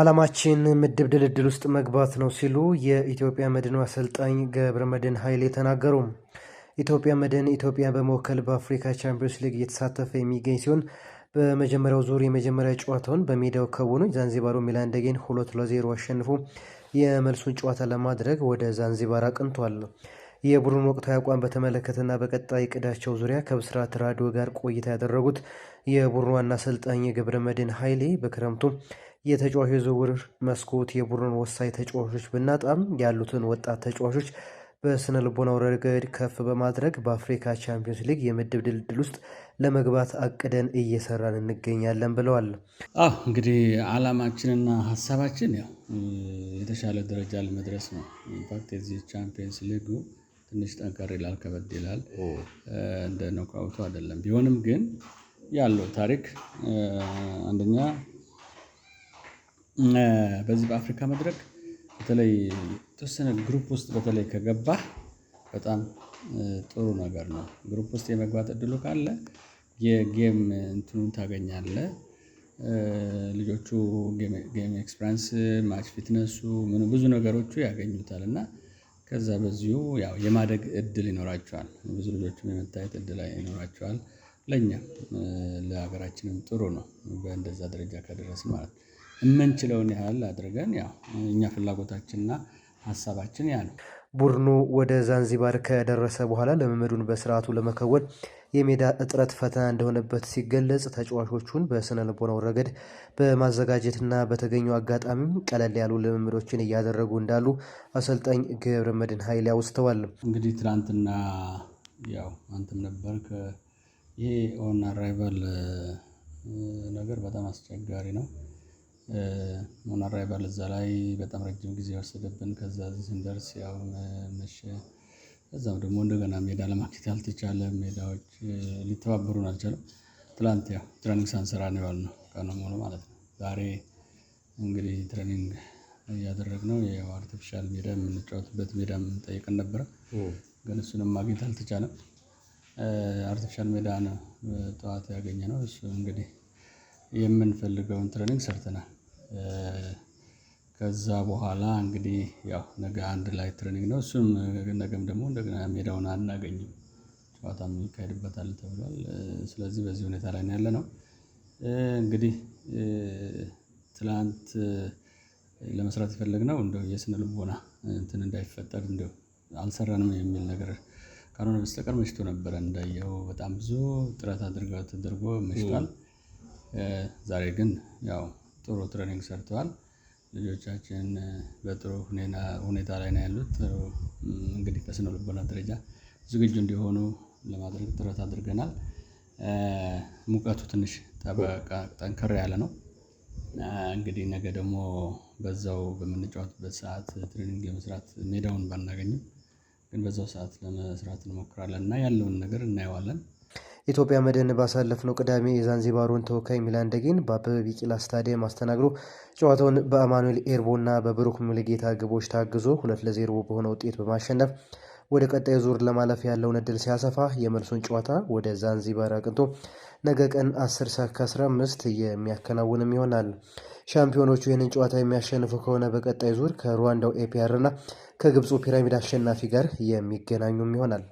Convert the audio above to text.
ዓላማችን ምድብ ድልድል ውስጥ መግባት ነው ሲሉ የኢትዮጵያ መድን አሰልጣኝ ገብረ መድን ኃይሌ ተናገሩ። ኢትዮጵያ መድን ኢትዮጵያ በመወከል በአፍሪካ ቻምፒዮንስ ሊግ እየተሳተፈ የሚገኝ ሲሆን በመጀመሪያው ዙር የመጀመሪያ ጨዋታውን በሜዳው ከውኑ ዛንዚባሩ ሚላን ደጌን ሁለት ለዜሮ አሸንፎ የመልሱን ጨዋታ ለማድረግ ወደ ዛንዚባር አቅንቷል። የቡድኑ ወቅታዊ አቋም በተመለከተና በቀጣይ ቅዳቸው ዙሪያ ከብስራት ራዲዮ ጋር ቆይታ ያደረጉት የቡድኑ ዋና አሰልጣኝ ገብረ መድን ኃይሌ በክረምቱ የተጫዋች የዝውውር መስኮት የቡድን ወሳኝ ተጫዋቾች ብናጣም ያሉትን ወጣት ተጫዋቾች በስነ ልቦናው ረገድ ከፍ በማድረግ በአፍሪካ ቻምፒዮንስ ሊግ የምድብ ድልድል ውስጥ ለመግባት አቅደን እየሰራን እንገኛለን ብለዋል። አዎ እንግዲህ አላማችንና ሀሳባችን ያው የተሻለ ደረጃ ለመድረስ ነው። ኢንፋክት የዚህ ቻምፒዮንስ ሊጉ ትንሽ ጠንከር ይላል፣ ከበድ ይላል። እንደ ነቃውቱ አይደለም። ቢሆንም ግን ያለው ታሪክ አንደኛ በዚህ በአፍሪካ መድረክ በተለይ የተወሰነ ግሩፕ ውስጥ በተለይ ከገባህ በጣም ጥሩ ነገር ነው። ግሩፕ ውስጥ የመግባት እድሉ ካለ የጌም እንትኑን ታገኛለህ። ልጆቹ ጌም ኤክስፐሪንስ፣ ማች ፊትነሱ ምኑ ብዙ ነገሮቹ ያገኙታል እና ከዛ በዚሁ ያው የማደግ እድል ይኖራቸዋል ብዙ ልጆችም የመታየት እድል ይኖራቸዋል። ለኛም ለሀገራችንም ጥሩ ነው በእንደዛ ደረጃ ከደረስን ማለት ነው የምንችለውን ያህል አድርገን ያው እኛ ፍላጎታችንና ሀሳባችን ያ ነው። ቡድኑ ወደ ዛንዚባር ከደረሰ በኋላ ልምምዱን በስርዓቱ ለመከወን የሜዳ እጥረት ፈተና እንደሆነበት ሲገለጽ ተጫዋቾቹን በስነ ልቦናው ረገድ በማዘጋጀትና በተገኘው አጋጣሚ ቀለል ያሉ ልምምዶችን እያደረጉ እንዳሉ አሰልጣኝ ገብረ መድን ኃይል አውስተዋል። እንግዲህ ትናንትና ያው አንተም ነበር ይሄ ኦን አራይቫል ነገር በጣም አስቸጋሪ ነው። ሞናራ አራይቫል እዛ ላይ በጣም ረጅም ጊዜ ወሰደብን። ከዛ እዚህ ስንደርስ ያው መሸ። ከዛም ደግሞ እንደገና ሜዳ ለማግኘት አልተቻለም። ሜዳዎች ሊተባበሩን አልቻለም። ትላንት ያው ትሬኒንግ ሳንሰራ ነው የዋልነው ቀኑን ሙሉ ማለት ነው። ዛሬ እንግዲህ ትሬኒንግ እያደረግነው ያው አርቲፊሻል ሜዳ የምንጫወትበት ሜዳ ጠይቀን ነበረ፣ ግን እሱንም ማግኘት አልተቻለም። አርቲፊሻል ሜዳ ነው ጠዋት ያገኘ ነው። እሱ እንግዲህ የምንፈልገውን ትሬኒንግ ሰርተናል። ከዛ በኋላ እንግዲህ ያው ነገ አንድ ላይ ትሬኒንግ ነው። እሱም ነገም ደግሞ እንደገና ሜዳውን አናገኝም ጨዋታም ይካሄድበታል ተብሏል። ስለዚህ በዚህ ሁኔታ ላይ ነው ነው። እንግዲህ ትላንት ለመስራት የፈለግነው እንደው የስነ ልቦና እንትን እንዳይፈጠር እንደው አልሰራንም የሚል ነገር ካልሆነ በስተቀር መሽቶ ነበረ እንዳየው በጣም ብዙ ጥረት አድርገው ተደርጎ መሽቷል። ዛሬ ግን ያው ጥሩ ትሬኒንግ ሰርተዋል። ልጆቻችን በጥሩ ሁኔታ ላይ ነው ያሉት። እንግዲህ ከስነ ልቦና ደረጃ ዝግጁ እንዲሆኑ ለማድረግ ጥረት አድርገናል። ሙቀቱ ትንሽ ጠንከር ያለ ነው። እንግዲህ ነገ ደግሞ በዛው በምንጫወትበት ሰዓት ትሬኒንግ ለመስራት ሜዳውን ባናገኝም ግን በዛው ሰዓት ለመስራት እንሞክራለን እና ያለውን ነገር እናየዋለን ኢትዮጵያ መድን ባሳለፍነው ቅዳሜ የዛንዚባሩን ተወካይ ሚላን ደጌን በአበበ ቢቂላ ስታዲየም አስተናግዶ ጨዋታውን በአማኑኤል ኤርቦና በብሩክ ሙልጌታ ግቦች ታግዞ ሁለት ለዜሮ በሆነ ውጤት በማሸነፍ ወደ ቀጣይ ዙር ለማለፍ ያለውን እድል ሲያሰፋ የመልሱን ጨዋታ ወደ ዛንዚባር አቅንቶ ነገ ቀን 10 ሰዓት ከ15 የሚያከናውንም ይሆናል። ሻምፒዮኖቹ ይህንን ጨዋታ የሚያሸንፉ ከሆነ በቀጣይ ዙር ከሩዋንዳው ኤፒአር እና ከግብፁ ፒራሚድ አሸናፊ ጋር የሚገናኙም ይሆናል።